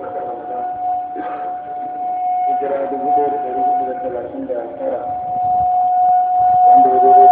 wata ramadan hijira dubu ɗaya da ɗari hudu da talatin da tara wanda ya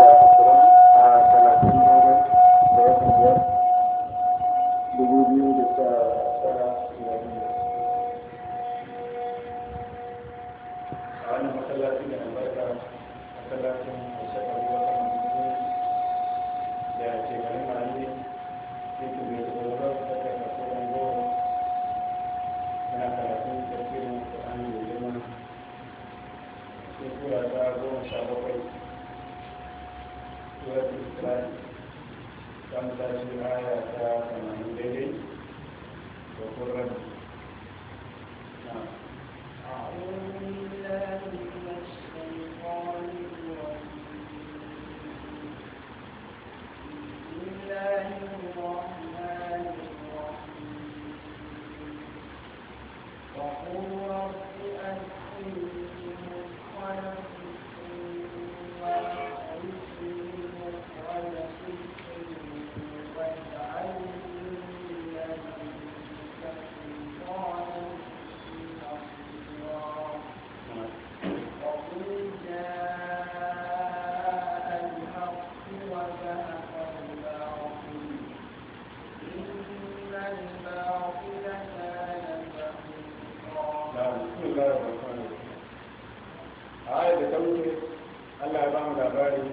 Allah ya ba mu labari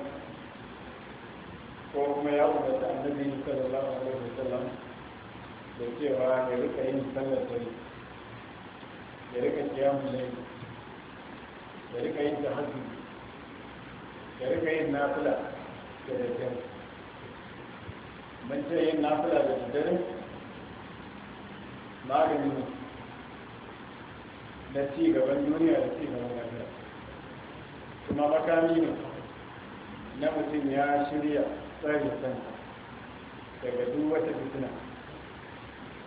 ko kuma ya umarta annabi sallallahu alaihi wasallam da cewa ya rika yin sallar dare ya rika kiyamu ne ya rika yin tahajjud ya rika yin nafila da daddare mun ce yin nafila da daddare magani ne na ci gaban duniya da ci gaban kuma makami ne na mutum ya shirya tsarin kanta daga duk wata fitina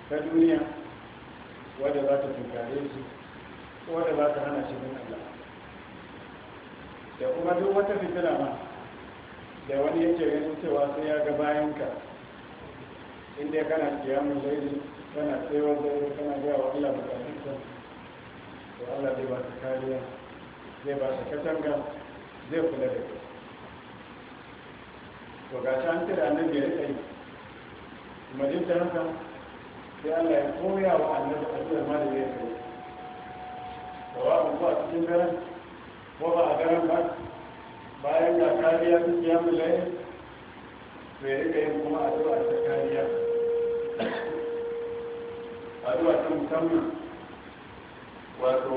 ta duniya wadda za ta tunkare shi wadda za ta hana shi Allah da kuma duk wata fitina ma da wani yake ganin cewa sai ya ga bayanka inda kana kiyamun laili kana tsayawar zai kana gaya wa Allah bukatunsa to Allah zai ba ta kariya zai ba shi katanga zai kula da kai to ga ta an tira annabi ya rika yi kuma duk da haka sai Allah ya koya wa annabi addu'ar ma da zai kai wa ko a cikin daren ko ba a daren ba bayan ga kariya su kiyamun layin to ya rika yin kuma addu'a ta kariya addu'a ta musamman wato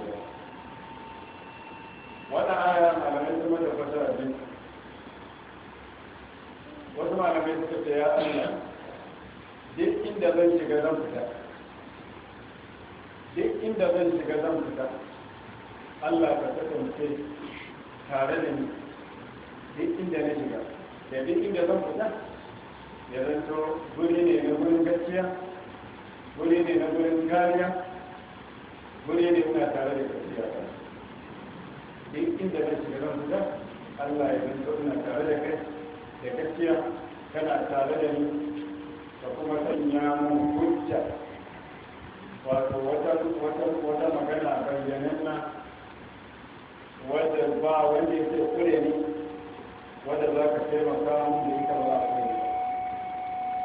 wannan aya malamai sun mata fasara biyu wasu malamai suka ce ya Allah duk inda zan shiga zan fita duk inda zan shiga zan fita Allah ka kasance tare da ni duk inda na shiga da duk inda zan fita ya zanto guri ne na gurin gaskiya guri ne na gurin kariya guri ne na tare da gaskiya duk inda na shiga nan guda Allah ya bin ina tare da kai da gaskiya kana tare da ni da kuma sanya mun hujja wato wata wata wata magana bayyanan na wadda ba wanda ya sai kure ni wadda za ka taimaka mun da ita ba a kai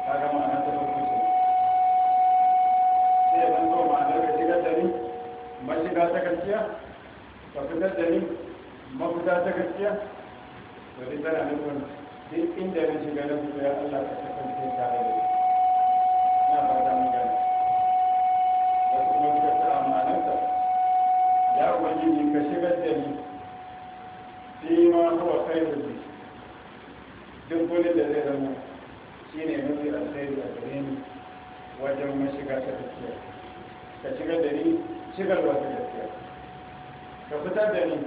ta ga ma'ana ta farko ce sai ya zama ma'anar ka shiga da ni mashiga ta gaskiya ka fitar da ni mafita ta gaskiya to dai tana nufin duk inda na shiga na fito ya Allah ka kasance tare da ni na fata mu gani wasu kuma suka ta amanarsa ya ubangiji ka shigar da ni shi ma huwa da ni. duk wani da zai zama shi ne mafi alkhairi a gare ni wajen mashiga ta gaskiya ka shigar da ni shigarwa ta gaskiya ka fitar da ni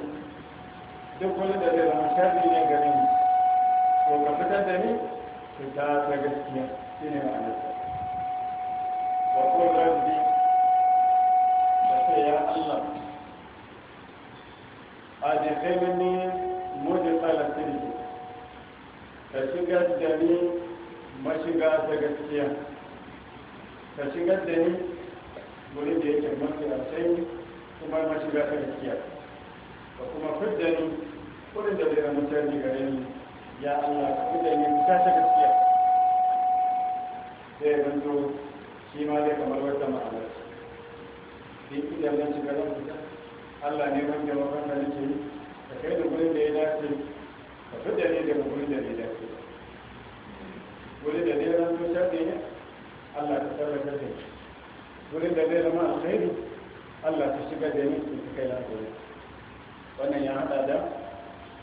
duk wani da zai zama sharri ne gare ni to ka fitar da ni fita ta gaskiya shi ne ma'anarsa wa ko rabbi da ce ya Allah a kai jikhilni mudqala sirri ka shiga da ni mashiga ta gaskiya ka shigar da ni wurin da yake mafi a sai kuma mashiga ta gaskiya Wa kuma fidda ni kudin da bai amince ni gare ni ya Allah ka fidda ni ta ta gaskiya sai zanto shi ma zai kamar wata ma'anar din idan nan shiga zan fita Allah ne wanda wanda nake yi ka kai da gurin da ya dace ka fidda ni daga gurin da ya dace gurin da zai zanto shaɗe ne Allah ka tsallaka da wurin da zai zama alkhairi Allah ka shiga da ni ka kai lafiya wannan ya hada da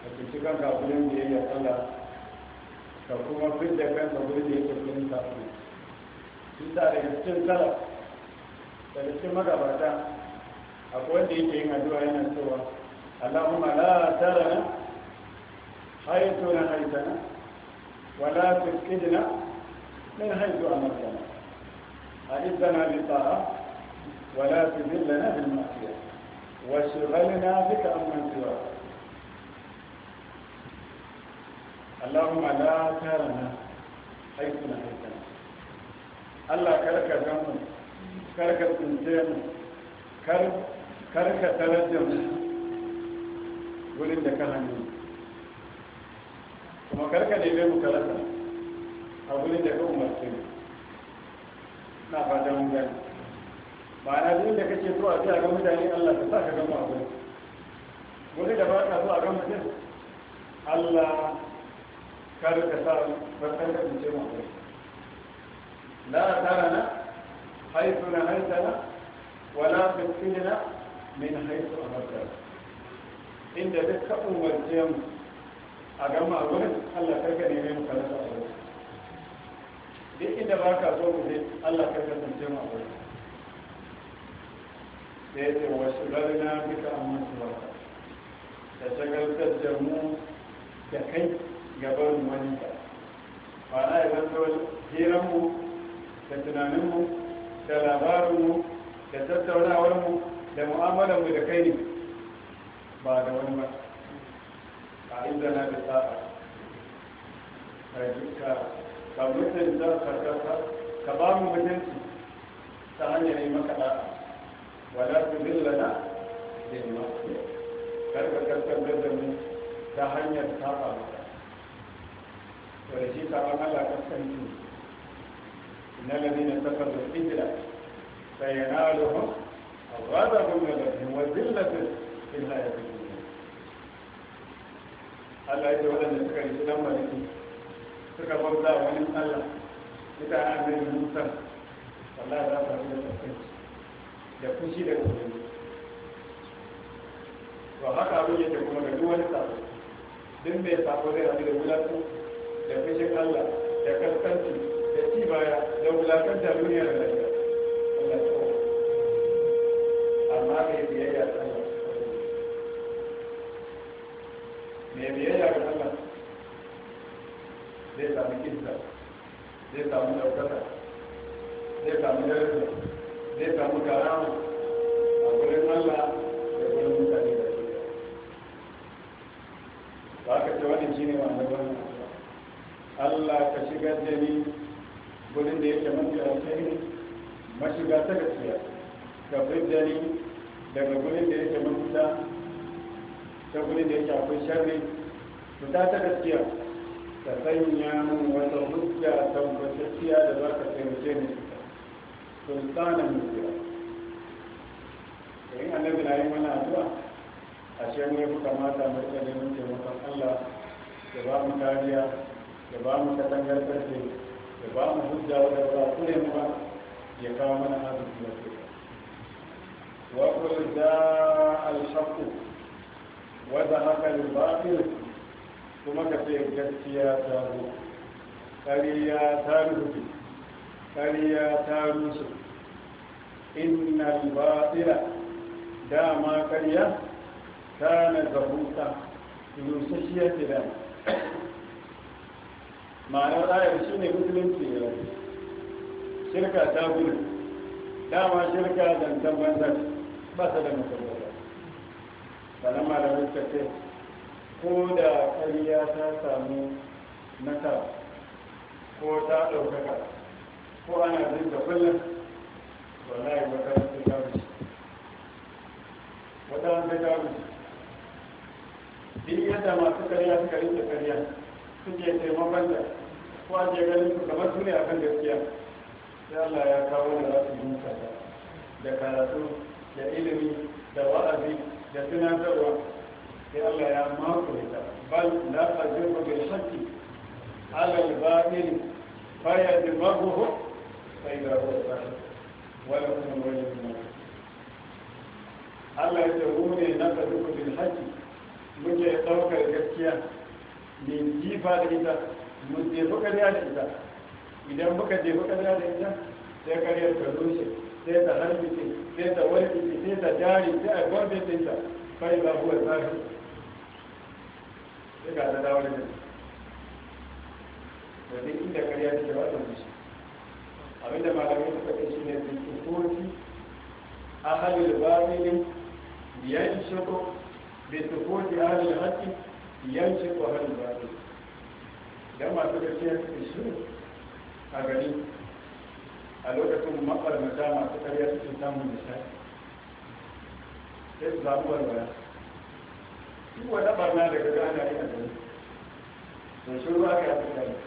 ka cuci kanka wurin da ya sallah ka kuma fidda kanka wurin da ya kusurin safi bisa daga cikin sallah daga cikin magabata akwai wanda yake yin addu'a yana cewa Allahumma la tarana haytuna haytana ولا تفقدنا من حيث أمرتنا أعزنا بالطاعة ولا تذلنا بالمعصية وشغلنا بك عمن سواك اللهم لا ترنا حيث نهيتنا الله كرك دمه كرك تنتينه كرك ترجمه wurin da ka hannu kuma karka neme mu karasa a wurin da ka umarci na fata mun gani ma'ana duk da kake so a ji a ga mutane Allah ka sa ka gama abin wani da ba ka so a ga mutum Allah kar ka sa barkan ka tunce mu abin la na haythu na haytana wala tusilna min a harkar inda duk ka umarce mu a gama abin Allah kar ka neme mu kalasa abin duk inda ba ka so mu ne Allah kar ka tunce mu abin sai ce wasu galina bika an mutuwa da shagaltar da mu da kai gaban wani ka ba na yi zanto hiranmu da tunaninmu da labarinmu da tattaunawarmu da mu'amalarmu da kai ne ba da wani ba a inda na da sa'a ka mutunta ka ba mu mutunci ta hanyar yi maka da'a ولا تذلنا بالمعصية karka kaskantar da mu ta hanyar saba maka wadda shi saban Allah kaskanci na lalina sakar da hijira sai ya na alihun a wada hulga da fi wa Allah ya ce suka yi suka bauta wani Allah ita a annabi Musa wallahi za ta fi da kaskanci da fushi da ubangiji ba haka abin yake kuma da duk wani sabo din bai sabo zai rabu da wulatu da fushin Allah da kaskanci da ci baya da wulatar da duniya da lafiya Allah ta amma kai biyayya ta Allah mai biyayya ga Allah zai samu kinsa zai samu daukaka zai samu daraja zai samu karama a gurin Allah da gurin mutane da su ba ka ce wani shi ne wanda wannan Allah ka shigar da ni gurin da yake mafi alkhairi mashiga ta gaskiya ka fidda ni daga gurin da yake mafita ta gurin da yake akwai sharri fita ta gaskiya ka sanya mun wata hujja tabbatacciya da za ka taimake ni sultanan mutuwa to in annabi na yi mana addu'a a ce mu yafi kamata mu ne neman taimakon Allah da ba mu kariya da ba mu katangar karfe da ba mu hujja wadda ba kure mu ba ya kawo mana arziki da kuka wa qul jaa al haka wa ba al-batil kuma ka ce gaskiya ta zo kariya ta rufe kariya ta rusu innal batila dama karya kana zabuta rusasshiyar gida ma'anar ayar shi ne musulunci ya rabu shirka ta gudu dama shirka zantar banzar ba ta da musulunci sannan malamin ta ce ko da ƙarya ta samu nasara ko ta ɗaukaka ko ana zai da kullum wallahi wata sai ta wuce wata sai ta wuce duk yadda masu karya suka rinka karya suke taimakon da ko ake ganin su kamar su ne a kan gaskiya sai Allah ya kawo da za su yi musata da karatu da ilimi da wa'azi da tunatarwa sai Allah ya mako da bal la ajibu bil haqqi ala al batil fa yadmahu fa idahu wala kuma wani kuma Allah ya ce mu ne na ka duka bin muke ɗaukar gaskiya mai jifa da ita mu da ita idan muka da ita sai ta sai ta harbice sai ta warkice sai ta jari sai a gwamnati ɗinta kai ba zafi sai ga ta da ta da duk inda ta ke wata abinda malamai suka ce shine bisukoti ahalul batilin yanshiqu bisukoti ahalul haqqi hali ahalul batil dan masu ciyar su shiru a gari a lokacin mafarmata masu karya suke samun nishaɗi sai su zaɓi walwala kuwa na barna da gaga ana yi a gari to shiru aka yi a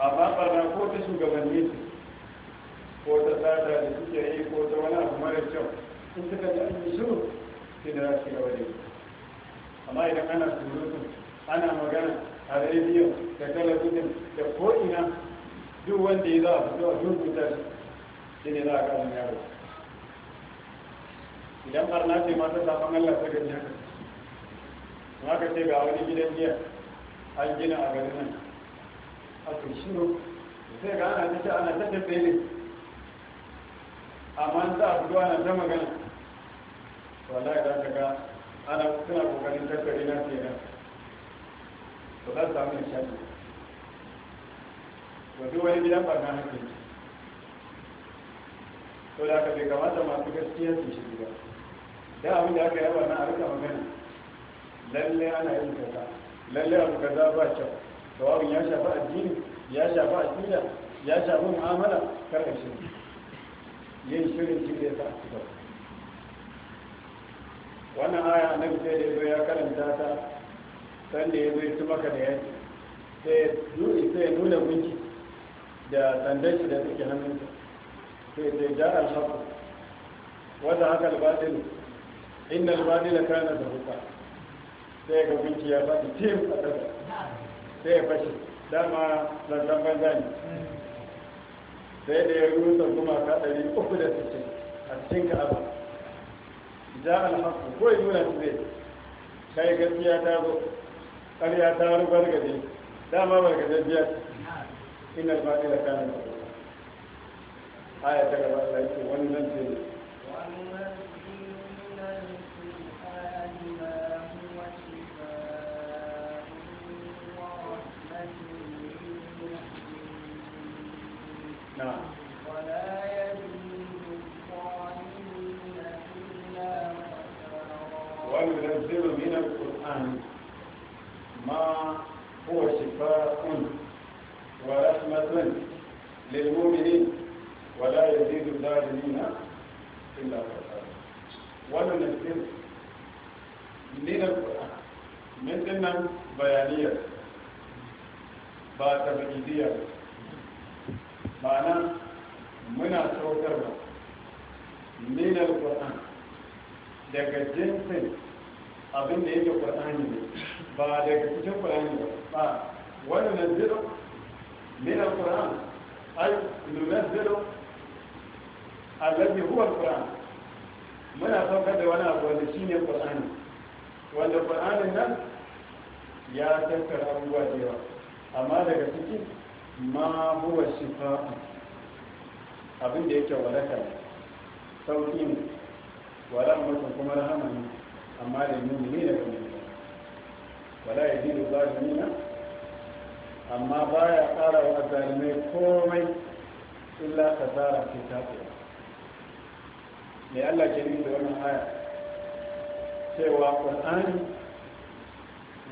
amma barna ko ta shugabanni su ko ta tsada da suke yi ko ta wani abu mara kyau sun suka ji an yi shiru sai da za su gaba da amma idan ana surutu ana magana a rediyo da talabijin da ko'ina duk wanda ya za a fito a rubuta shi ne za a kawo yaro idan barna ce ta safon allah ta gajiya ma ka ce ga wani gidan giya an gina a garin nan aka shiro sai ga ana tashi ana ta tafiye ne amma ta a fito ana ta magana wallahi za ka ga ana suna kokarin tattare na kenan to za su samu nishadi duk wani gidan barna hakan to da aka bai kamata masu gaskiya su shi ba da abin da aka yi barna a rika magana lalle ana yin kaza lalle abu kaza ba kyau tawabin ya shafi addini ya shafi aƙida ya shafi mu'amala kar ka yin shirin shi da ya sa a cikin wannan aya na sai da ya ya karanta ta sanda ya zo ya ci maka da yaki sai ya nuna gunki da sandan shi da take hannunsa sai sai ja alhaku wanda haka albatin inda albatin da kana da hukka sai ga gunki ya faɗi tim a ƙasa sai ya fashe dama lantan banza ne sai da ya rusa kuma ka ɗari uku da cikin a cikin ka'aba ja alhaku ko yi nuna su zai kai gaskiya ta zo ƙarya ta rubar gaje dama bargaje biyar ina ba ɗaya da kanin aya ta gaba ta ce wani nan ce نعم ولا يزيد الظالمين إلا وينزل من القرآن ما هو شفاء ورحمة للمؤمنين ولا يزيد الظالمين إلا خسارا وننزل من القرآن من ضمن بيانية ba ta ma'ana muna saukarwa minar kwatan daga jinsin abin da yake kwatan ne ba daga cikin kwatan ba ba wani kwatan ai alquran zero a alladhi huwar kwatan muna saukar da wani abu wanda ne kwatan wanda kwatan nan ya tattara abubuwa da yawa amma daga cikin ma huwa shifa'u abin da yake walaka sauki ne wa rahmatun kuma rahama ne amma da ne da kuma wala da zalimina amma baya tsara wa zalimai komai illa tsara ce ta tsaya mai Allah ke nuna wannan aya cewa Qur'ani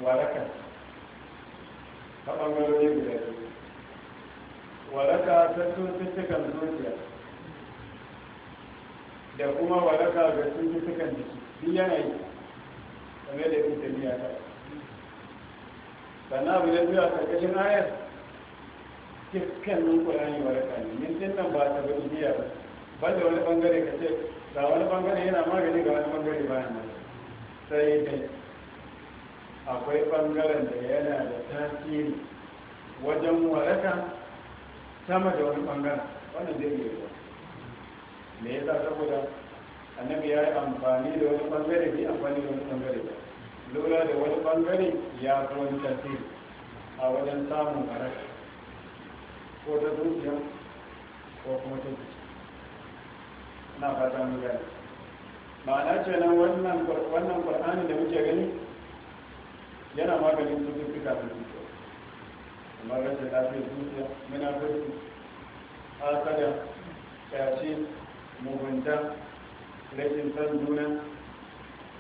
waraka ta ɓangarori guda biyu waraka ta cututtukan zuciya da kuma waraka ga cututtukan jiki duk yana yi game da yin tafiya ta sannan abu da zuwa a ƙarƙashin ayar dukkanin ƙulani waraka ne mintin nan ba ta bari biya ba ban da wani bangare ka ce ga wani bangare yana magani ga wani bangare bayan nan sai dai akwai bangaren da yana da tasiri wajen waraka sama da wani bangana wani zai iya yiwa me yasa saboda annabi ya yi amfani da wani bangare bai amfani da wani bangare ba lura da wani bangare ya fi wani tasiri a wajen samun karaka ko ta zuciya ko kuma ta zuciya na fata mu gani ma'ana ce nan wannan qur'ani da muke gani yana maganin cututtuka zuciya kamar rashin lafiyar zuciya munafurci hasada shashi mugunta rashin san juna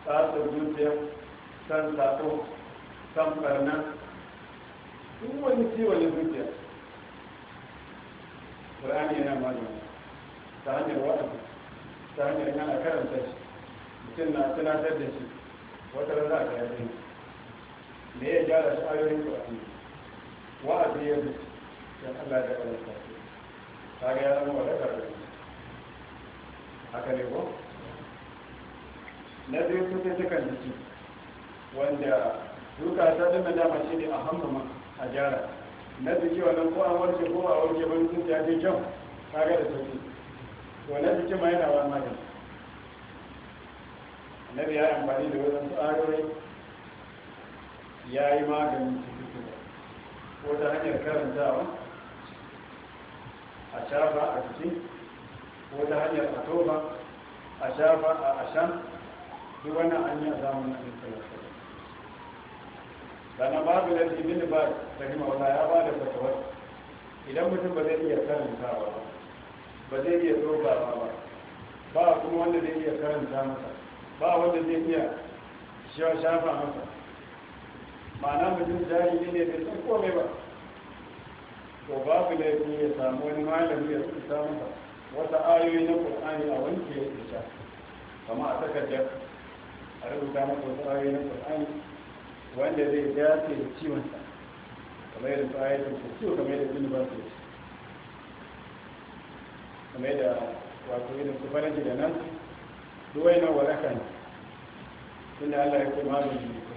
tsasa zuciya san sako san barna duk wani ciwon zuciya ƙur'ani yana magana ta hanyar wa'azi ta hanyar yana karanta shi mutum na tunatar da shi wata rana a kayan me ya gyara shi ayoyin ƙur'ani wa'azi ya mutu don Allah da Allah ta ce ta ga ya zama wadata da haka ne ko na biyu kusa kan jiki wanda duka ta zama dama shi ne a hamama a gyara na jiki wannan ko an warke ko a warke ban sun ya je kyau ta ga da sauki wannan jiki ma yana wani magani Na biya amfani da wajen su ya yi magani ko ta hanyar karantawa a shafa a jiki ko ta hanyar a toba a shafa a ashan duk wannan an yi a zamanin intanet sannan babu da fi bin ba ta himawala ya ba da fatawar idan mutum ba zai iya karantawa ba ba zai iya ba ba ba kuma wanda zai iya karanta masa ba wanda zai iya shafa masa ma'ana mutum jahili ne bai san komai ba to babu laifin ya samu wani malami ya samu ba wata ayoyi na qur'ani a wanke ya rubuta kama a takardar a rubuta masa wasu ayoyi na qur'ani wanda zai dace da ciwon sa kamar yadda su ayatun ko ciwo kamar yadda zunuban su kamar yadda wato irin su faraji da nan duwai na waraka ne tunda Allah ya ce malamin ne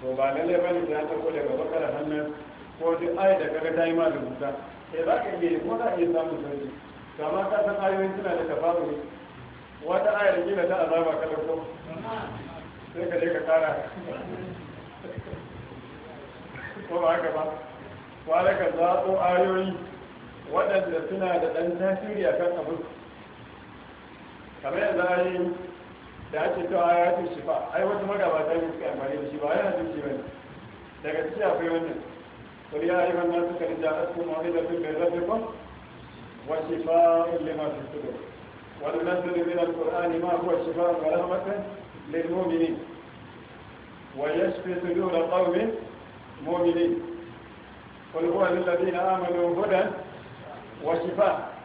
to ba lalle ba ne ya tako daga bakar hannun ko duk ayi da kaga ta yi ma rubuta sai eh, za ka iya ko za a iya samun sauki kama ka san ayoyin suna da tafawuri wata ayar kila ta azaba ka ko. sai ka je ka tara ko ba haka ba kwale ka zaɓo ayoyi waɗanda suna da ɗan tasiri akan abu kamar yanzu ayoyi da ake cewa ya ce shi fa ai wata magabata ne suka amfani da shi ba yana jin shi bane daga ciki akwai wannan قل يا أيها الناس قد جاءتكم موعظة من ربكم وشفاء لما في الصدور وننزل من القرآن ما هو شفاء ورحمة للمؤمنين ويشفي صدور قوم مؤمنين قل هو للذين آمنوا هدى وشفاء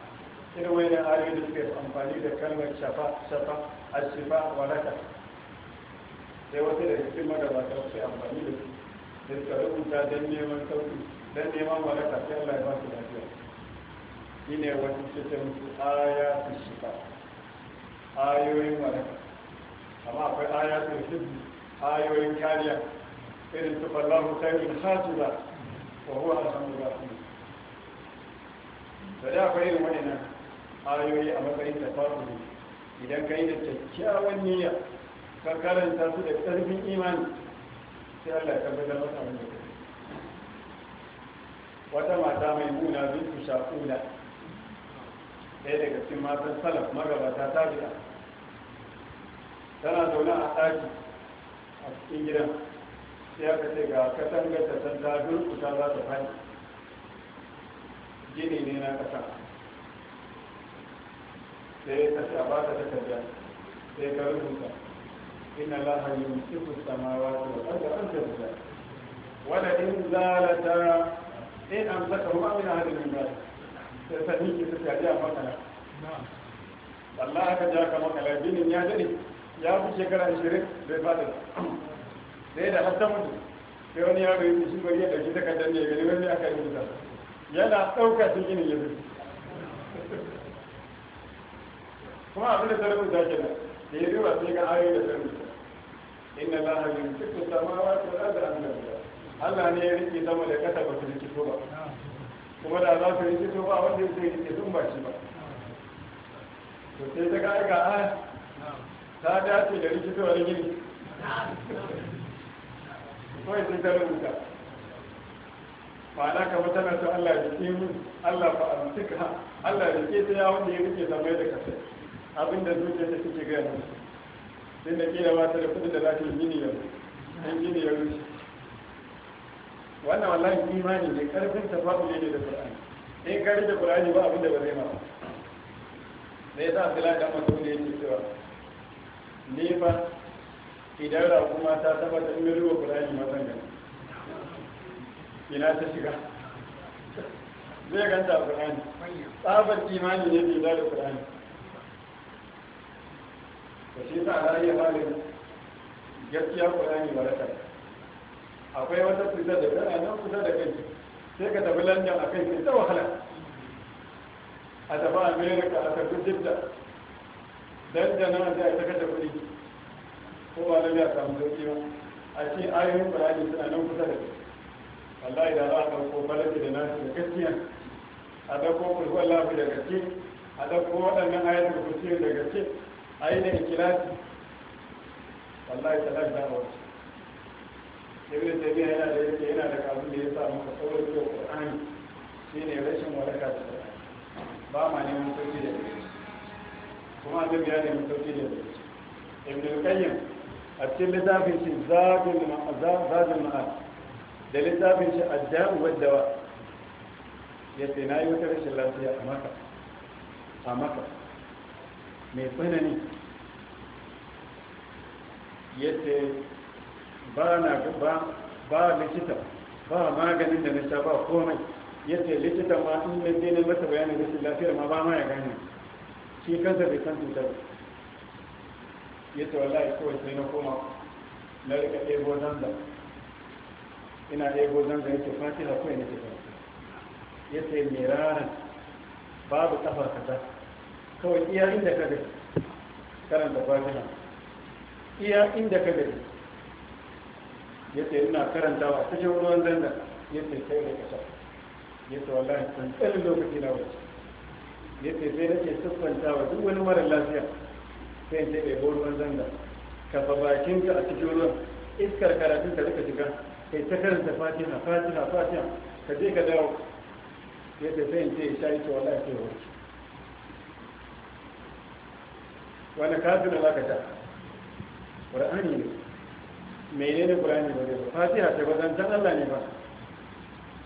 irin wani ayoyi da suke amfani da kalmar shafa shafa ashifa walaka sai wata da cikin magabata su amfani da su da suka rubuta don neman sauki don neman walaka sai Allah ya ba su lafiya shi ne wata cikin su aya su shifa ayoyin walaka amma akwai aya su hibbi ayoyin kariya irin su fallahu kairin ba, wa huwa alhamdulillah da da akwai irin wani nan ayoyi a matsayin tafakuri idan ka yi da kyakkyawan niyya ka karanta su da ƙarfin imani sai Allah ka bada masa wani da wata mata mai muna su shafuna ɗaya daga cikin matan salaf magabata ta biya tana zaune a ɗaki a cikin gidan sai aka ce ga katangar ta san ta za ta fani gini ne na ƙasa sai ka ce a baka takarda sai ka rubuta inna laha yumsiku samawati wal arda an tazula wala in zalata in amsakahuma min ahadin min dhalik sai ta dinki ta tafi a makala wallahi haka ja ka makala binin ya dare ya fi shekara ashirin bai fada sai da hatta mutu sai wani yaro ya fi shi bari ya dauki takardar ne ya gani wani aka yi mutu yana ɗauka cikin ya zuci kuma abin da sarrafin ta nan, da ya zuwa sai ga ayoyi da sarrafin inna allaha yumsiku samawati wal arda an tazula Allah ne ya rike sama da kasa ba su rikito ba kuma da za su rikito ba wanda ya sai rike sun ba shi ba to sai ta ga ga a ta dace da rikito da gini kawai sai ta rubuta ma'ana kamar tana ta Allah ya rike mun Allah fa amsika Allah ya rike ta ya wanda ya rike sama da kasa abin da zuciya ta suke gaya sai da kila ba da kudin da za ta yi mini yau an gini ya rushe wannan wallahi imani ne karfin tafafu ne da qur'ani in ka da qur'ani ba abin da ba zai ma sai sa fila da masu da yake cewa Ne fa idan ra kuma ta tabbata in ruwa qur'ani ma zan gani ina ta shiga zai ganta qur'ani tsabar imani ne da qur'ani to shi sa na iya halin gaskiya ko kurani baraka akwai wata cutar da kana nan kusa da kai sai ka tafi london a kai sai ta wahala a tafi america a tafi jidda dan da nan da ta kuɗi ko ba na ya samu sauki ba a ce ayoyin kurani suna nan kusa da kai wallahi da za a ɗauko balaki da nasu da gaskiya a ɗauko kulhuwan lafi da gaske a ɗauko waɗannan ayatul kursi da gaske a da ikilasi wallahi talar a wasu ibn tabiya yana da yake yana da kazu da ya sa muka sauran ko qur'ani shine rashin waraka da qur'ani ba ma neman sauki da kuma annabi ya mun sauki da ibn qayyim a cikin littafin shi zadul zadul ma'ad da littafin shi adda'u wad dawa yace na yi wata rashin lafiya a maka a maka mai tsanani yadda ba na ba ba likita ba maganin da na ba komai yadda likita ma in na je na masa bayanin rashin lafiyar ma ba ma ya gani shi kansa bai san cutar yadda wallahi kawai sai na koma na rika ɗebo zanza ina ɗebo zanza yake fatiha kawai na tafiya yadda mai ranar babu kafa kaza kawai iya inda ka karanta fatiha iya inda ka gari ya ce ina ta cikin ruwan zanda ya ce sai da kasa ya ce wallahi kan tsarin lokaci na wace ya ce sai da ke wa duk wani mara lafiya sai in taɓe bo ruwan zanda kafa bakinka a cikin ruwan iskar karatun ka rika shiga kai ta karanta fatiha fatiha fatiha ka je ka dawo ya ce sai in ce isha ita wallahi sai warki wani kafin da za ka ta ƙur'ani ne menene ƙur'ani ba ne ba fatiha ce ba zancen Allah ne ba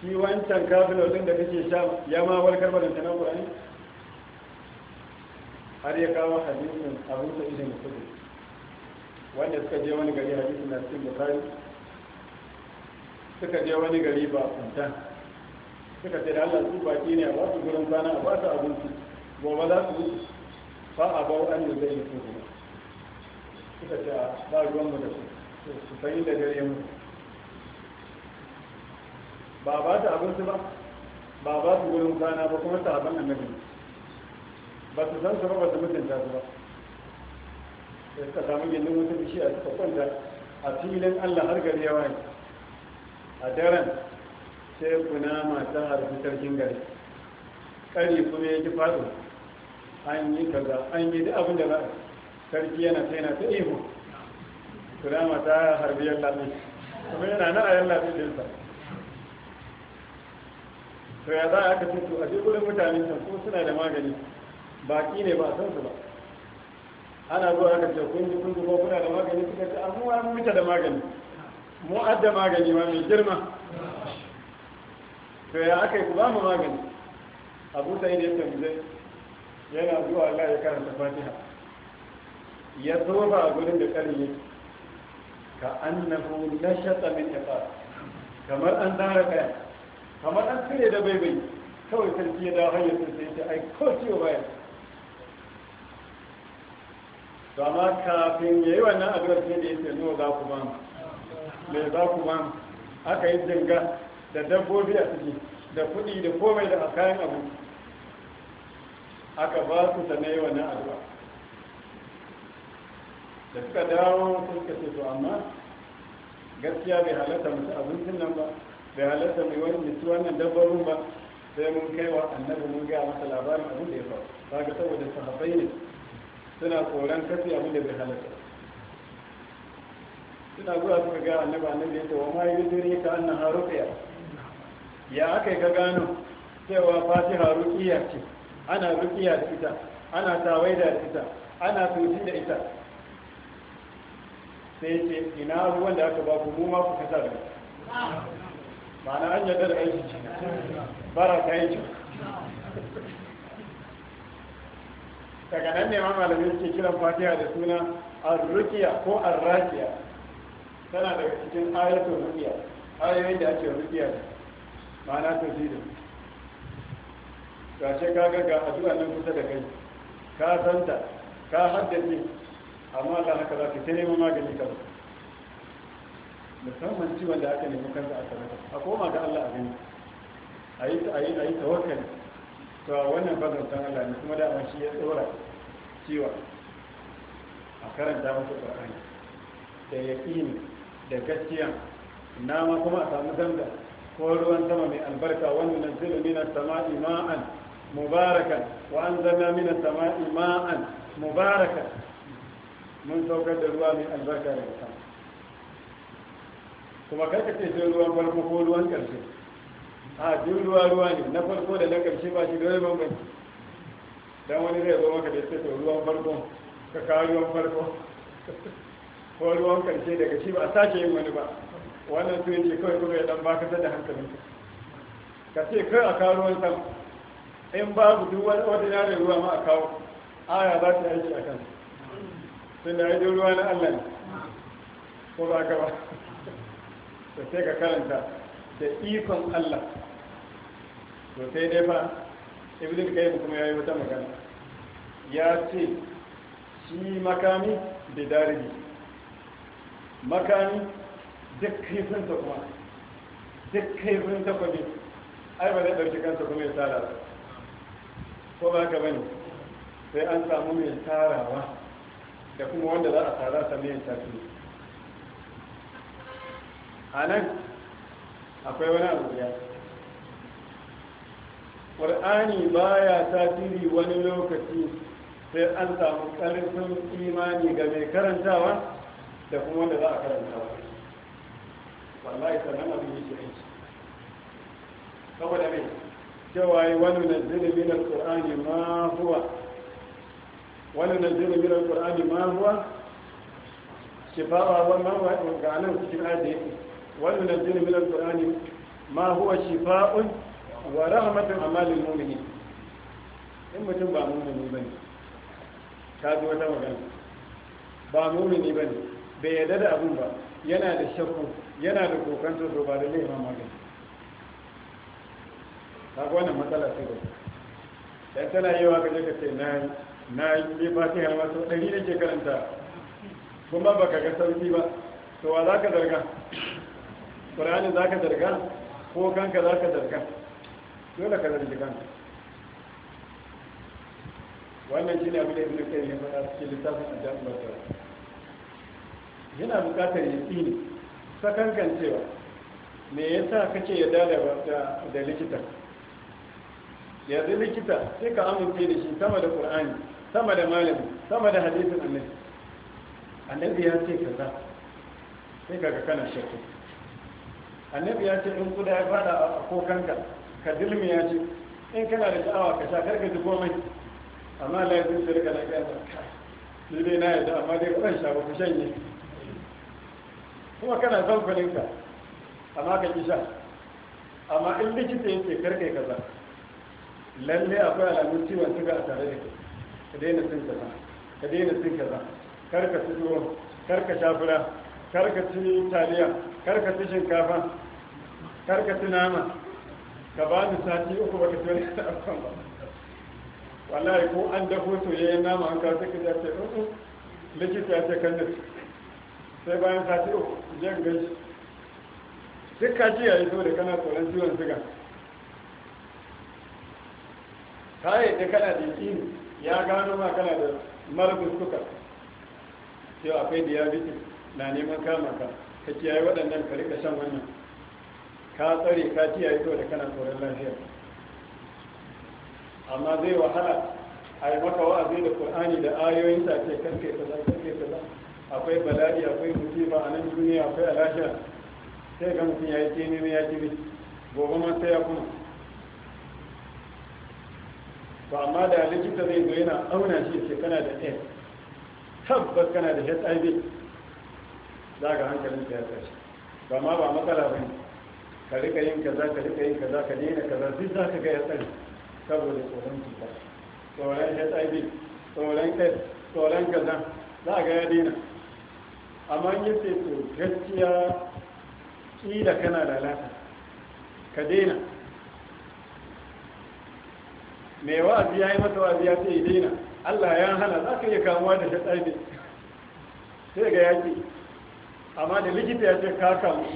shi wancan kafin din da kake sha ya ma warkar da zancen ƙur'ani har ya kawo hadisin abin da idan kudu wanda suka je wani gari hadisin na cikin bukari suka je wani gari ba kunta suka ce da Allah su baki ne a ba su gurin kwana a ba su abinci gobe za su ba a bau an da zai yi kuma suka ce ba ruwanmu da su su fayi da gare mu ba ba ta abinci ba ba ba su wurin kwana ba kuma sabon annabi ba su san su ba ba su mutunta su ba sai suka samu gindin wata bishiya suka kwanta a filin allah har gari yawa ne a daren sai kuna mata harfi sarkin gari kari kuma ya ji faɗo an yi kaza an yi duk abin da za a yi sarki yana ta yana ta ihu dama ta harbi lafi kuma yana na a lafi dinsa to ya za a aka fito a duk wurin mutane sun kuma suna da magani baki ne ba a san su ba ana zuwa aka ce kun ji kun ko kuna da magani suka ce an ah, muwa mu mita da magani mu adda magani ma mai girma to ya aka yi ku ba mu magani abu ta yi da ya tambaye yana zuwa Allah ya karanta fatiha ya zo ba a gudun da ka an ka annahu shatsa min ifa kamar an tsara kaya kamar an cire da baibai kawai sarki ya dawo hanyar sai sai ai ko ciwo baya to amma kafin ya yi wannan addu'ar sai da yace no za ku ba me za ku ba aka yi janga da dabbobi a ciki da kuɗi da komai da kayan abu aka ba su sanai wannan addu'a da suka dawo sai suka ce to amma gaskiya bai halatta musu abincin nan ba bai halatta mai wani mutu wannan dabbarun ba sai mun kai wa annabi mun gaya masa labarin abin da ya faru ga saboda sahabbai ne suna tsoron kafi abin da bai halatta suna zuwa suka ga annabi annabi ya ce wa ma yi duri ka annan haruƙiya ya aka ka gano cewa fatiha ruƙiya ce ana ruƙiya da ita ana tawaida da ita ana tuji da ita sai ce ina ruwan da aka baku mu ma ku kasa da na an yadda da aiki ce bara ta yi ce daga nan ne ma malamai suke kiran fatiha da suna arrukiya ko arrakiya tana daga cikin ayatul rukiya ayoyin da ake rukiya da ta tauhidin ga ce kaga ga addu'a nan kusa da kai ka santa ka haddace amma da haka za ka ta neman magani kawai musamman ciwon da aka nemi kansa a sarrafa a koma ga Allah a gani a yi a yi a yi tawakkali to wannan bazan san Allah ne kuma dama shi ya tsora ciwon a karanta masa Qur'ani da yaqini da gaskiya nama kuma a samu zanga ko ruwan sama mai albarka wani na min mina samai ma'an mubarakan wa an zama mina samai ma'an mubarakan mun saukar da ruwa mai albarka daga sama kuma ka ce sai ruwan farko ko ruwan ƙarshe a duk ruwa ruwa ne na farko da na ƙarshe ba shi da wani bambanci dan wani zai zo maka da sai to ruwan farko ka kawo ruwan farko ko ruwan ƙarshe daga shi ba a sake yin wani ba wannan su yake kawai kuma ya dan baka da hankali. ka ce kai a kawo ruwan sama in babu duk wani ordinary ruwa ma a kawo aya za ta aiki a kansa sun ai dai ruwa na Allah ne ko ba ka ba to sai ka karanta da ikon Allah to sai dai fa ibnu kayyim kuma ya yi wata magana ya ce shi makami da daribi makami duk kaifin ta kuma duk kaifin ta kuma ai ba zai ɗauki kansa kuma ya tsara ko ba ka ne sai an samu mai tarawa da kuma wanda za a tara sa mai tafi a nan akwai wani abu ya ƙwar'ani ba ya tasiri wani lokaci sai an samu ƙarfin imani ga mai karantawa da kuma wanda za a karantawa wallahi sannan abin shi aiki saboda mai cewa yi wani na zilimin al-ƙwar'ani ma huwa wannan nazari mai alƙur'ani ma huwa shifa'u wal mawa wa ganan cikin ayati wannan nazari mai alƙur'ani ma huwa shifa'un wa rahmatun amalil mu'minin in mutum ba mu'mini bane ka ji wata magana ba mu'mini bane bai yarda da abun ba yana da shakku yana da kokan to ba da laifin magana ka ga wannan matsala ce ba tana yawa ga jaka ce na yi na yi fatiha ma sau ɗari da ke karanta kuma ba ka ga sauki ba to wa za ka zarga ƙwararri za ka zarga ko kanka za ka zarga dole ka zarga kanka wannan shi ne abin da ibn kai ya faɗa cikin littafin ajabu basira yana buƙatar yaƙini sakankancewa me ka ce ya da da likita yanzu likita sai ka amince da shi sama da ƙur'ani sama da malamu sama da hadisin annabi annabi ya ce kaza sai kaga kana shakku annabi ya ce in kuda ya fada a kokanka ka dilmi ya ce in kana da sha'awa ka sha karka ji komai amma la yanzu sai ka lafiya ba ni dai na yadda amma dai ban sha ku shanye kuma kana son kulinka amma ka ki sha amma in likita yake karka kaza lalle akwai alamun ciwon suga a tare da kai ka daina cin kaza ka daina cin kaza kar ka ci tuwo kar ka sha fura kar ka ci taliya kar ka ci shinkafa kar ka ci nama ka ba ni sati uku baka ci wani abin ba wallahi ko an dafo soyayyen nama an kawo sai ka ja ce uku likita ya ce kan da sai bayan sati uku jan gaishe duk ka ji yayi saboda kana tsoron ciwon siga ka yi da kana da yakini ya gano ma kana da marabin suka cewa akwai diabetes na neman kama ka ka kiyaye waɗannan ka rika shan wannan ka tsare ka kiyaye to da kana tsoron lafiya amma zai wahala a yi maka wa'azi da qur'ani da ayoyin ta ce karkai kaza karkai akwai bala'i akwai musiba a nan duniya akwai a sai ga mutum ya yi kene ya kiri gobe ma sai ya kuma to amma da likita zai zo yana auna shi ce kana da s tabbas kana da hiv za ka hankalin ka ya tashi ba ma ba matsala ba ne ka rika yin kaza ka rika yin kaza ka daina kaza duk za ka ga ya tsari saboda tsoron cuta tsoron hiv tsoron s tsoron kaza za a ga ya daina amma yi ce to gaskiya kila kana lalata ka daina mai wa'azi ya yi masa wa'azi ya ce daina Allah ya hana za ka iya kamuwa da shaɗani sai ga yaƙi amma da likita ya ce ka kamu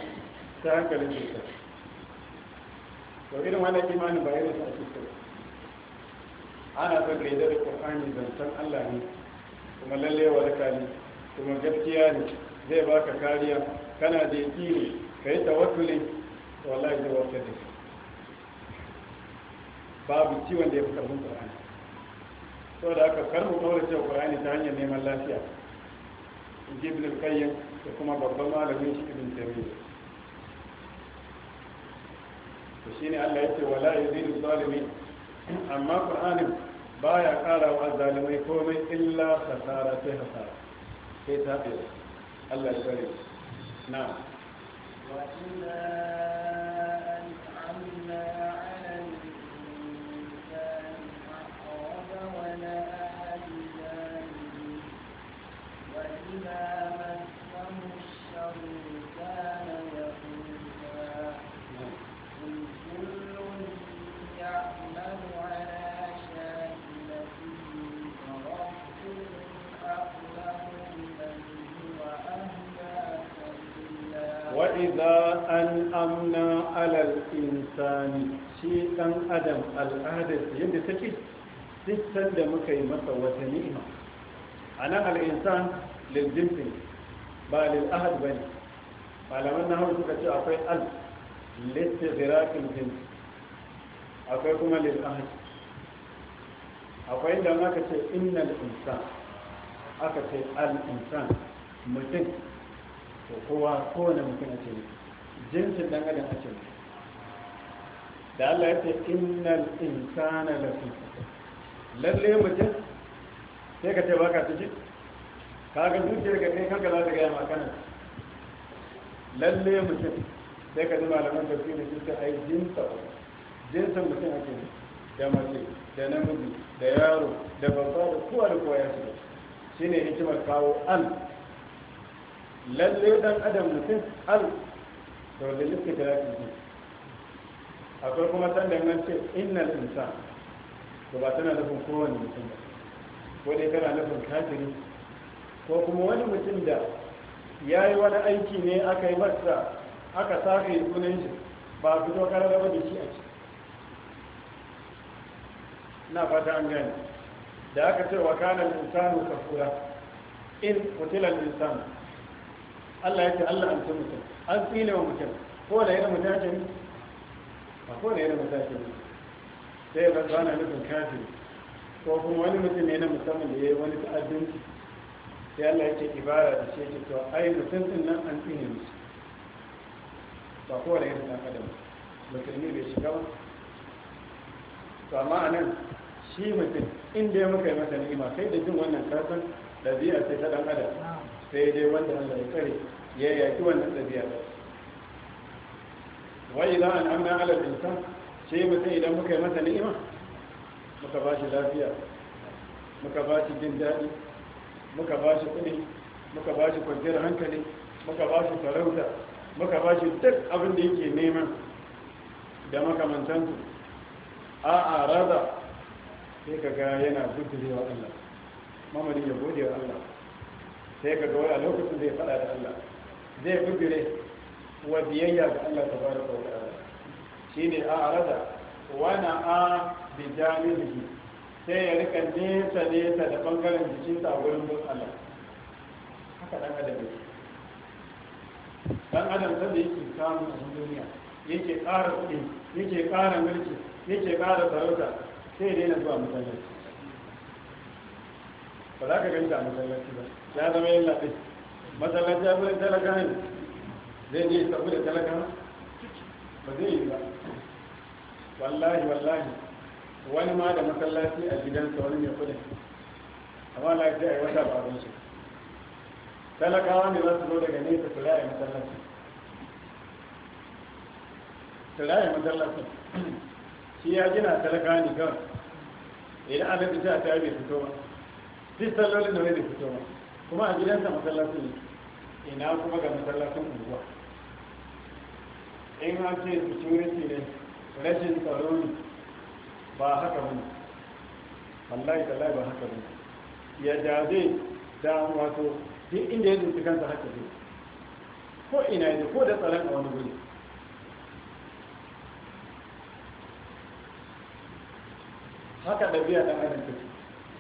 ta hankalin cuta sau irin wani imanin ba irin a cikin kai ana son ka yi da Qur'ani zancen Allah ne kuma lalle warka ne kuma gaskiya ne zai baka kariya kana da ne, ka yi tawakkuli wallahi zai warkar da shi babu ciwon da ya fi karfin qur'ani saboda haka kar mu kaura cewa qur'ani ta hanyar neman lafiya ibn al da kuma babban malamin shi ibn taymiyyah to ne Allah yace wala yazidu zalimi? amma ba baya ƙara wa zalimai komai illa hasara sai hasara sai fiye Allah ya kare na amna alal insani shi ɗan adam al'adarsa yadda take duk da muka yi masa wata ni'ima a nan al'insan liljimfin ba lil'ahad ba ne malaman na hau suka ce akwai al littifirafin jin akwai kuma lil'ahad akwai inda aka ce innal insan aka ce al'insan mutum to kowa kowane mutum a ce mutum jinsin dan adam ake da Allah ya ce innal insana lafi lalle mutum sai ka ce baka ciki ga dukiyar ka kai kanka za ka gaya makana lalle mutum sai ka ji malaman da fiye da ai jinsa jinsin mutum ake cikin da mace da namiji da yaro da babba da kowa da kowa ya shiga shine hikimar kawo al lalle dan adam mutum al to da istidraji ne akwai kuma sanda nan ce innal insan to ba tana nufin kowane mutum ba ko dai tana nufin kafiri ko kuma wani mutum da ya yi wani aiki ne aka yi masa aka sake sunan shi ba a fito karar da shi a ciki na fata an gani da aka ce wa kanan insanu kafura in kutilan insanu Allah ya ce Allah an ce mutum an tsile wa mutum ko da yana mutashin a ko da yana mutashin sai ba su ana nufin kafin ko kuma wani mutum ne na musamman da ya yi wani ta'addanci sai Allah ya ce ibara da ce ce to ai mutum din nan an tsine mutum ba ko da yana mutum ne bai shiga ba to amma anan shi mutum inda ya muka yi masa ni'ima sai da jin wannan kasan ɗabi'a sai ta ɗan adam sai dai wanda Allah ya kare ya yaki wannan ɗabi'a wa idan an amna ala insan sai mutum idan muka yi masa ni'ima muka ba shi lafiya muka ba shi jin daɗi muka ba shi kuɗi muka ba shi kwanciyar hankali muka ba shi sarauta muka ba shi duk abin da yake neman da makamantansu a a raza. sai ka ga yana gudulewa Allah mamarin ya gode wa Allah sai ka ga wani a lokacin zai faɗa da Allah zai bugire wa biyayya ga Allah ta fara wa ta'ala shine a arada wana a bi jami'i sai ya rika nesa nesa da bangaren jikinsa a wurin bin Allah haka dan adam yake dan adam sai yake samu a duniya yake ƙara kuɗi yake ƙara mulki yake ƙara sarauta sai ya daina zuwa masallaci ba za ka ganta a masallaci ba ya zama yin lafiya masallaci ya fi talaka ne zai je sabu da talaka ba zai yi ba wallahi wallahi wani ma da masallaci a gidansa wani mai kudin amma lafiya ya wata ba abin shi talakawa ne za su zo daga nesa su raya masallaci su raya masallaci shi ya gina talaka ne kawai idan an rabu ta ta bai fito ba duk sallolin da bai fito ba kuma a gidansa masallaci ne ina kuma ga masallacin unguwa in an ce security ne rashin tsaro ne ba haka ba ne wallahi tallahi ba haka ba ne ya da zai da wato duk inda ya zuci kansa haka zai ko ina ya ko da tsaron a wani guri haka ɗabi'a ɗan adam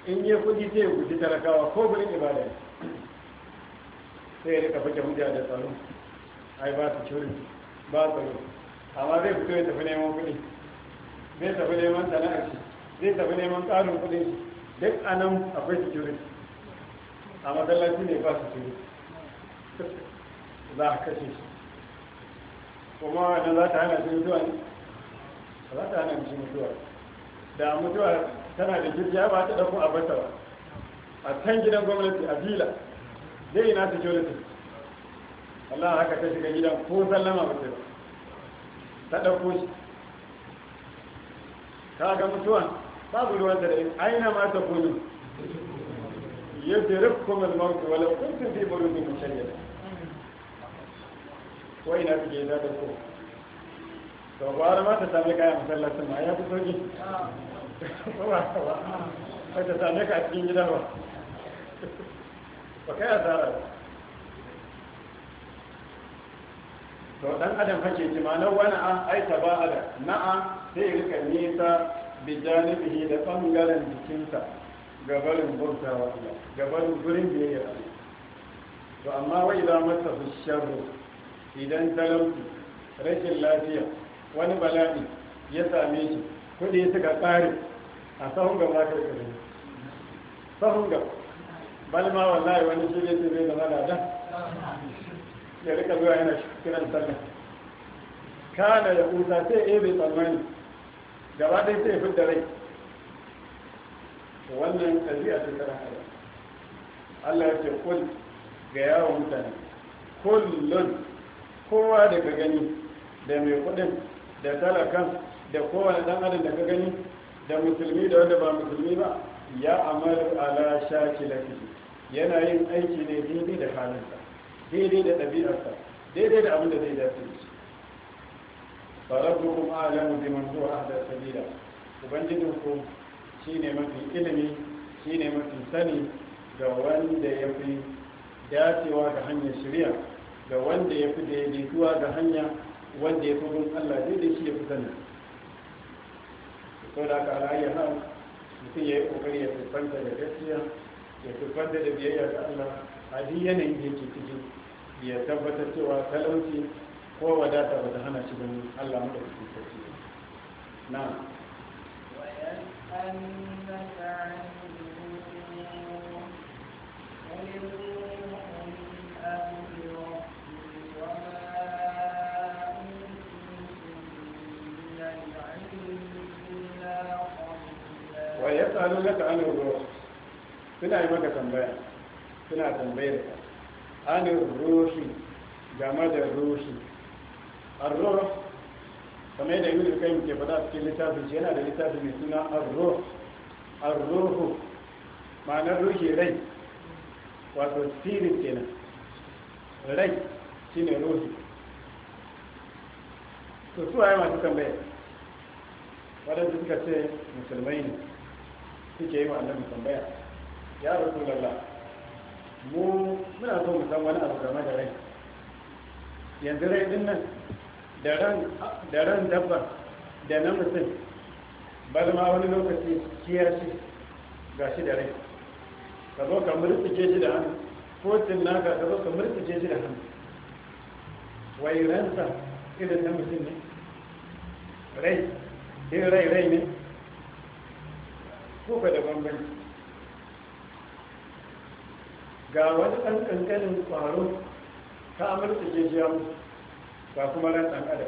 in ya kudi zai guji talakawa ko gurin ibada ne sai ya rika ke hujja da tsaro ai ba security ba tsaro amma zai fito ya tafi neman kuɗi zai tafi neman sana'ar shi zai tafi neman tsarin kuɗi. duk a nan akwai security a matsalaci ne ba su security za a kashe shi kuma wani za ta hana shi mutuwa ne za ta hana shi mutuwa da mutuwa tana da jirgi ba ta dafu a bata ba a can gidan gwamnati a vila zai yi na security Allah haka ta shiga gidan ko sallama ba sai ta dauko shi ka ga mutuwan babu ruwan da dai aina ma ta kunu yadda rukkum al kuma wa wala kuntum fi burundi mun shari'a ko ina ta gida da ko to gwara ma ta same kai a masallacin ma ya fi sauki ko ba ta ba ta ne ka cikin gidan ba ba kai asara ba to dan adam hake ji ma nan wani an aita ba da na'a sai ya rika nisa bijanibihi da bangaren jikinsa ga barin bautawa Allah ga gurin da yake Allah to amma wai idan masa sharru idan talauci rashin lafiya wani bala'i ya same shi kudi suka tsare a sahun gaba ta kare sahun gaba bal ma wallahi wani shi ne zai zama ladan ya rika zuwa yana kiran sallah kana ya kusa sai eh bai tsammani gaba ɗaya sai fi da rai wannan ɗabi'a ce ta rahara Allah ya ce kul ga yawon mutane kullun kowa da ka gani da mai kuɗin da talakan da kowane ɗan adam da ka gani da musulmi da wanda ba musulmi ba ya amalu ala shaki lafiya yana yin aiki ne daidai da halinsa daidai da ɗabi'arsa daidai da abin da zai dace da shi farabbukum a'lamu biman huwa ahda sabila shi shine mafi ilimi shine mafi sani ga wanda ya fi dacewa ga hanyar shirya, ga wanda ya fi daidaituwa ga hanya wanda ya fi bin Allah daidai shi ya fi sani sau da aka halayyar mutum ya yi kokari ya fi da gaskiya ya tufar da biyayya ga Allah a duk yanayin da yake ciki ya tabbatar cewa talauci ko wadata ba ta hana shi ganin Allah mu da cikin sarki na'am wa yas'alunaka 'anil ويسألونك عن الروح suna yi maka tambaya suna tambayar ka an ruhi game da ruhi ar-ruh kamar yadda yi kayyim ke faɗa cikin littafin shi yana da littafi mai suna ar-ruh ma'anar ruhi rai wato spirit kenan rai shine ruhi to su waye masu tambaya wadanda suka ce musulmai ne suke yi wa annabi tambaya ya rasu lalla mu muna so mu san wani abu game da rai yanzu rai din nan da ran dabba da na mutum bal ma wani lokaci kiyashi ga shi da rai ka zo ka murtuke shi da hannu Kotun naka ka zo ka murtuke shi da hannu wai ransa irin na mutum ne rai din rai rai ne ko ka da bambanci ga wani ɗan ƙanƙanin ƙwaro ta amurka jiya mu ba kuma ran ɗan ƙada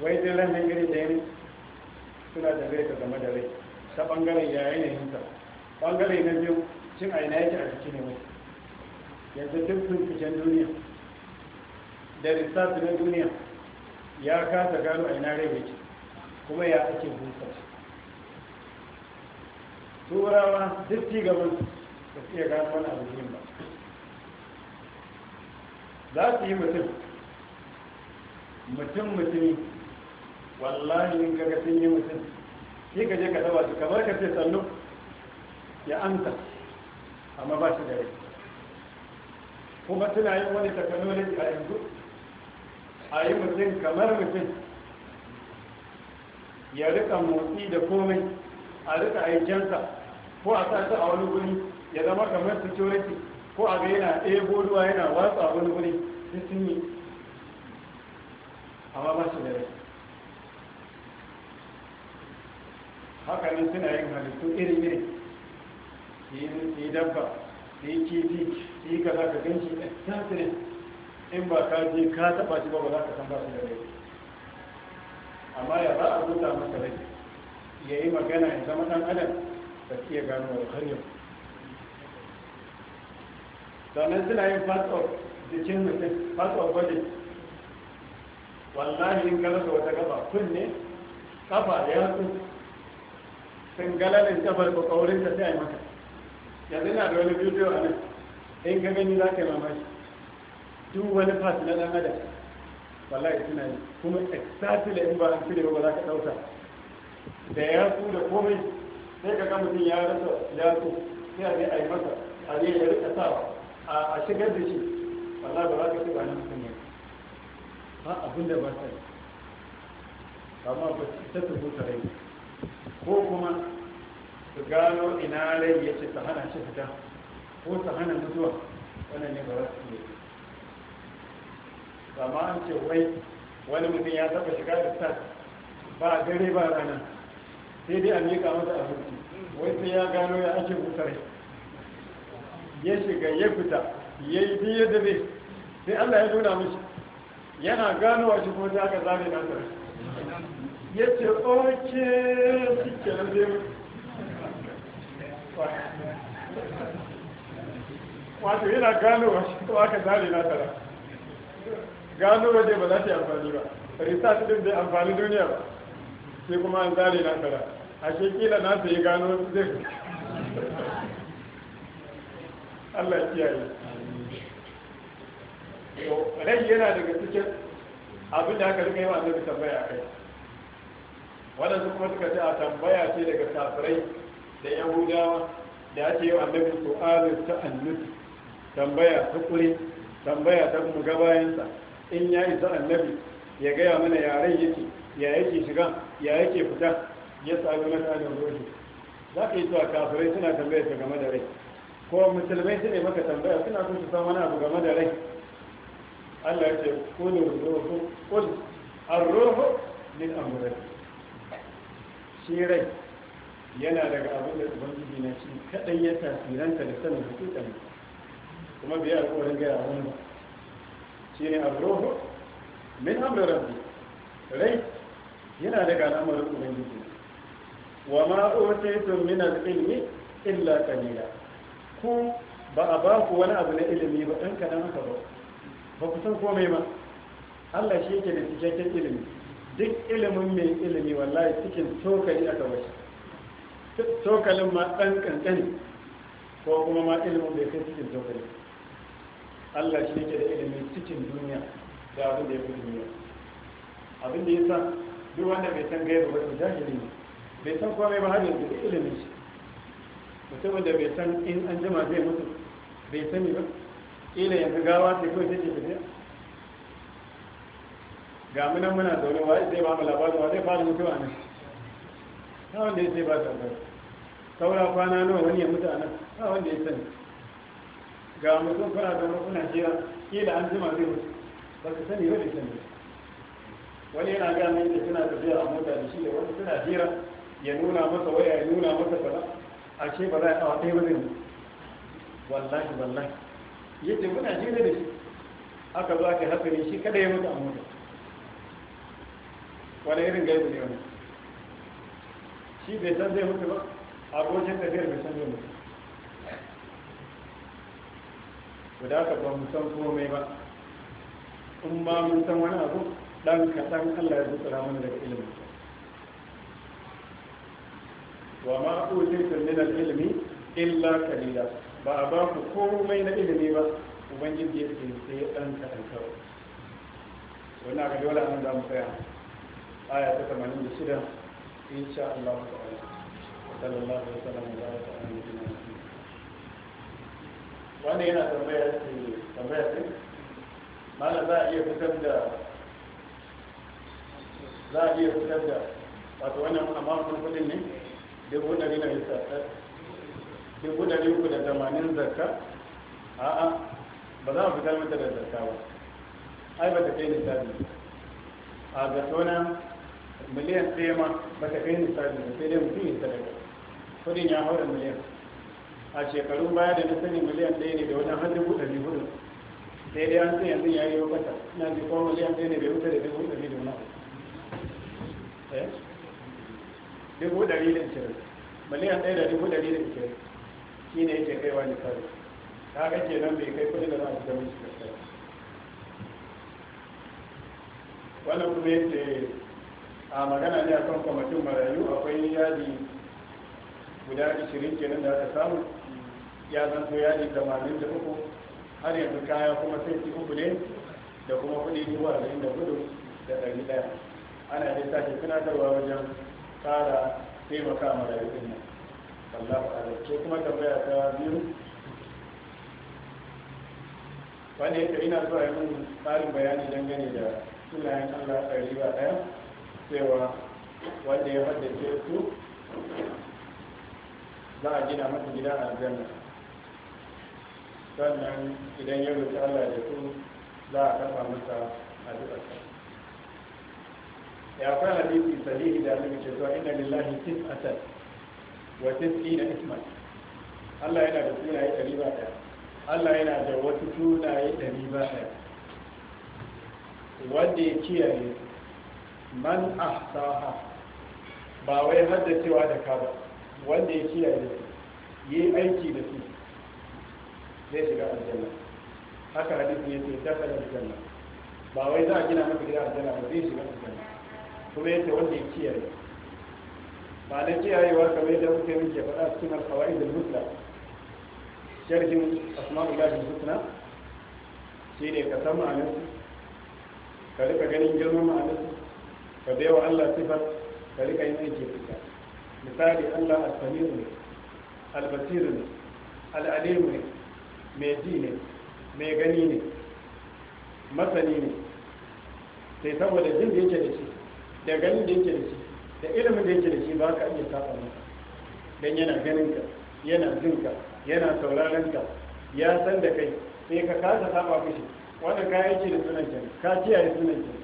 wai dai ran nan gari yin suna da rai ka game da rai ta ɓangaren ya yanayinsa ɓangare na biyu cin aina yake a jiki ne mai yanzu duk binciken duniya da lissafi na duniya ya kasa gano aina rai yake kuma ya ake hunsa turawa duk ci gaban Ka su iya gano wani abu ba za su yi mutum mutum mutumi wallahi in kaga sun yi mutum shi ka je ka taba su kamar ka ce sannu ya amsa amma ba shi da kuma suna yin wani technology a yanzu a yi mutum kamar mutum ya rika motsi da komai a rika aikensa ko a sa a wani guri ya zama kamar security ko a ga yana ɗebo ruwa yana watsa wani wuri sun sun yi amma ba su da rai haka ne suna yin halittu irin ne, su yi dabba su yi kifi su yi kaza ka ganci shi in ba ka je ka taba shi ba ba za ka san ba su da rai amma ya ba a rubuta masa rai ya yi magana ya zama ɗan adam ba su iya gano da har yau sannan suna yin part of jikin mutum part of body wallahi in galasa wata gaba kunne kafa da su sun galalin kafar ko kaurin ta sai a maka yanzu na da wani bidiyo a nan in ka gani za ka yi mamaki duk wani part na dan adam wallahi suna yi kuma exactly in ba an fi ba za ka ɗauka da yatsu da komai sai ka ga mutum ya rasa ya sai a a yi masa a ne ya rika sawa a shigar da shi wallahi ba za ka ce ba nan sun yanzu ba abin da ba ta yi amma ba ta tuhu ta rai ko kuma su gano ina rai ya ce ta hana shi fita ko ta hana mutuwa wannan ne ba za su yi amma an ce wai wani mutum ya taɓa shiga da sa ba dare ba rana sai dai a miƙa masa abinci wai sai ya gano ya ake mutar ya shiga ya fita ya yi biyu da bai sai Allah ya nuna mishi yana wa shi ko sai aka zane na sa ya ce oke su ke nan zai mu wato yana wa shi ko aka zane na gano ganowa dai ba za ta yi amfani ba su ɗin zai amfani duniya ba sai kuma an zane na sa a shekila na sa gano zai Allah ya kiyaye to rai yana daga cikin abin da aka rika yi annabi tambaya kai waɗansu kuma suka ce a tambaya ce daga safirai da yahudawa da ake yi annabi su'alin ta annut tambaya ta kure tambaya ta kuma gabayansa in ya isa annabi ya gaya mana yaren yake ya yake shiga ya yake fita ya sami mata da za ka yi zuwa kafirai suna tambaya ta game da rai ko musulmai su ne maka tambaya suna so su san wani abu game da rai Allah ya ce kuni ruhu kul ar-ruhu min amri shi rai yana daga abin da ubangiji na shi kadai ya tasiranta da sanin hakikan kuma biya alƙawarin gaya wani shi ne ar-ruhu min amri rabbi rai yana daga al'amarin ubangiji wa ma utaytum min al-ilmi illa qalila ku ba a ba ku wani abu na ilimi ba ɗan kaɗan haka ba ba ku san komai ba Allah shi yake da cikakken ilimi duk ilimin mai ilimi wallahi cikin tokali aka bashi tokalin ma ɗan ƙanƙani ko kuma ma ilimin bai kai cikin tokali Allah shi yake da ilimin cikin duniya da abin da ya fi duniya abin da ya sa duk wanda bai san gaya ba to jahili ne bai san komai ba har yanzu da ilimin shi mutumin da bai san in an jima zai mutu bai sani ba ila yanzu gawa sai kawai take tafiya ga mu nan muna zaune wa zai ba mu labarin wa zai fara mutuwa nan ta wanda ya sai ba ta ba saura kwana nawa wani ya mutu a nan ta wanda ya sani ga mutum kuna zaune kuna jira ila an jima zai mutu ba su sani ba bai sani wani yana gane da suna tafiya a mota da shi da wasu suna jira ya nuna masa waya ya nuna masa fara. a ce ba za a awa ɗaya ba wallahi wallahi yadda kuna jira da shi aka zuwa aka hatsari shi kada ya mutu a mota wani irin gaibu ne wani shi bai san zai mutu ba abokin tafiyar bai san zai mutu guda ka ba mu san komai ba in ba mun san wani abu dan kaɗan allah ya zutsura mana daga ilimin wa ma utitu min al-ilmi illa qalila ba a ba ku komai na ilimi ba ubangiji ya ce sai dan kadan kawai wannan ga dole an mu tsaya aya ta 86 insha Allah ta'ala sallallahu alaihi wasallam wa baraka alaihi wannan yana tambaya ce tambaya ce mana za a iya fitar da za a iya fitar da wato wannan amma kudin ne dubu ɗari da lissafar dubu ɗari uku da tamanin zakka a'a ba za mu fita mata da zakka ba ai ba ta kai nisabi a ga tona miliyan ɗaya ma ba ta kai nisabi ba sai dai mutum ya sadaka kudin ya haura miliyan a shekaru baya da na sani miliyan ɗaya ne da wajen har dubu ɗari hudu sai dai an sai yanzu ya yi wa kasa na ji ko miliyan ɗaya ne bai wuce da dubu ɗari da wani abu eh? dubu ɗari da ishirin miliyan ɗaya da dubu ɗari da cire. shi ne yake kaiwa kare. ta ga ke nan bai kai kudin da za a shiga da gaskiya wannan kuma yake a magana ne a akan kwamitin marayu akwai yadi guda ashirin kenan da aka samu ya zan so yadi tamanin da uku har yanzu kaya kuma sai uku ne da kuma kuɗi dubu arba'in da hudu da ɗari ɗaya ana dai sake tunatarwa wajen Kara taimaka ma rayuwar nan wallahu a'lam ce kuma tambaya ta biyu wanda yake ina zuwa mun tsarin bayani dangane da sunayen Allah a riba ɗaya cewa wanda ya haddace su za a gina masa gida a aljanna sannan idan ya rute Allah da su za a kafa masa a duk duka ya kwa hadisi sahihi da annabi ce zuwa inna lillahi tis'atan wa tis'ina isma Allah yana da sunaye ɗari ba ɗaya Allah yana da wasu sunaye ɗari ba ɗaya wanda ya kiyaye man ahsaha ba wai haddacewa da ka ba wanda ya kiyaye yi aiki da su zai shiga aljanna haka hadisi yake da aljanna ba wai za a gina maka gida aljanna ba zai shiga aljanna kuma yake wanda ya kiyaye ba na kiyayewa kamar yadda muke muke faɗa cikin alkawai da mutla sharhin asma'ul lahi mutla, shi ne ka san ma'anarsu ka rika ganin girman ma'anarsu ka baiwa Allah sifar ka rika yin aiki fita misali Allah al ne al-basir ne al ne mai ji ne mai gani ne masani ne sai saboda jin da yake da shi da ganin da yake da shi da ilimin da yake da shi ba ka iya saba masa dan yana ganin ka yana jin ka yana sauraron ka ya san da kai sai ka kasa saba mishi wannan ka yake da sunan ka ka kiyaye sunan ka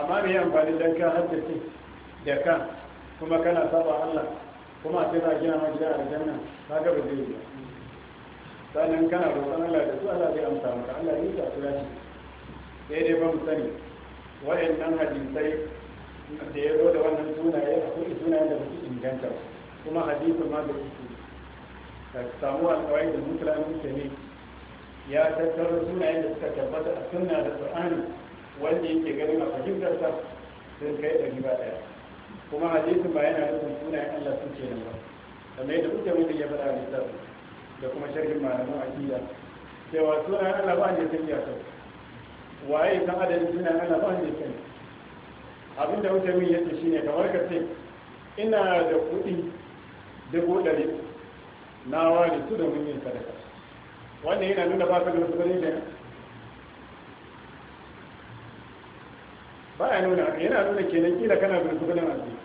amma me amfani dan ka haddace da ka kuma kana saba Allah kuma sai ka gina ma gida aljanna ka ga ba zai yi sannan kana roƙon Allah da su Allah zai amsa maka Allah ya yi ta tura shi sai dai ba mu sani wa'annan hadisai da ya zo da wannan sunaye akwai sunayen da su inganta kuma hadisin ma da su ta samu alƙawai da mutulanin ne ya tattara sunayen da suka tabbata a sunna da qur'ani wanda yake ganin a fahimtar sa sun kai da riba ɗaya kuma hadisin ba yana nufin sunayen Allah su ce nan ba kamar yadda kuke mutum ya faɗa da kuma sharhin malaman aƙida cewa sunayen Allah ba ne sun yi a waye dan adadin suna ana ba ne kai abin da wuce min yace shine kamar ka ce ina da kuɗi dubu ɗari na ware su da mun da sadaka wannan yana nuna ba ka da wasu gani kenan ba ya nuna yana nuna kenan kila kana da wasu ganin arziki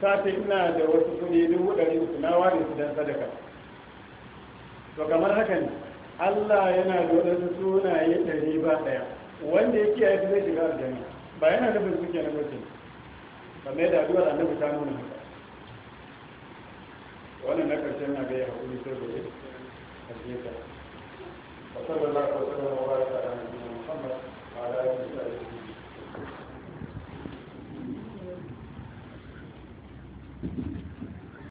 sati ina da wasu kudi dubu ɗari su na ware su dan sadaka to kamar haka ne Allah yana da waɗansu sunaye ɗari ba ɗaya wanda ya kiyaye zai shiga aljanna ba yana da bin suke na mutum ba mai da addu'ar annabi ta nuna haka wannan na karshen na ga ya hakuri sai gobe a cikin ta wa sallallahu alaihi wa sallam wa baraka ala nabiyyina muhammad wa ala alihi wa sahbihi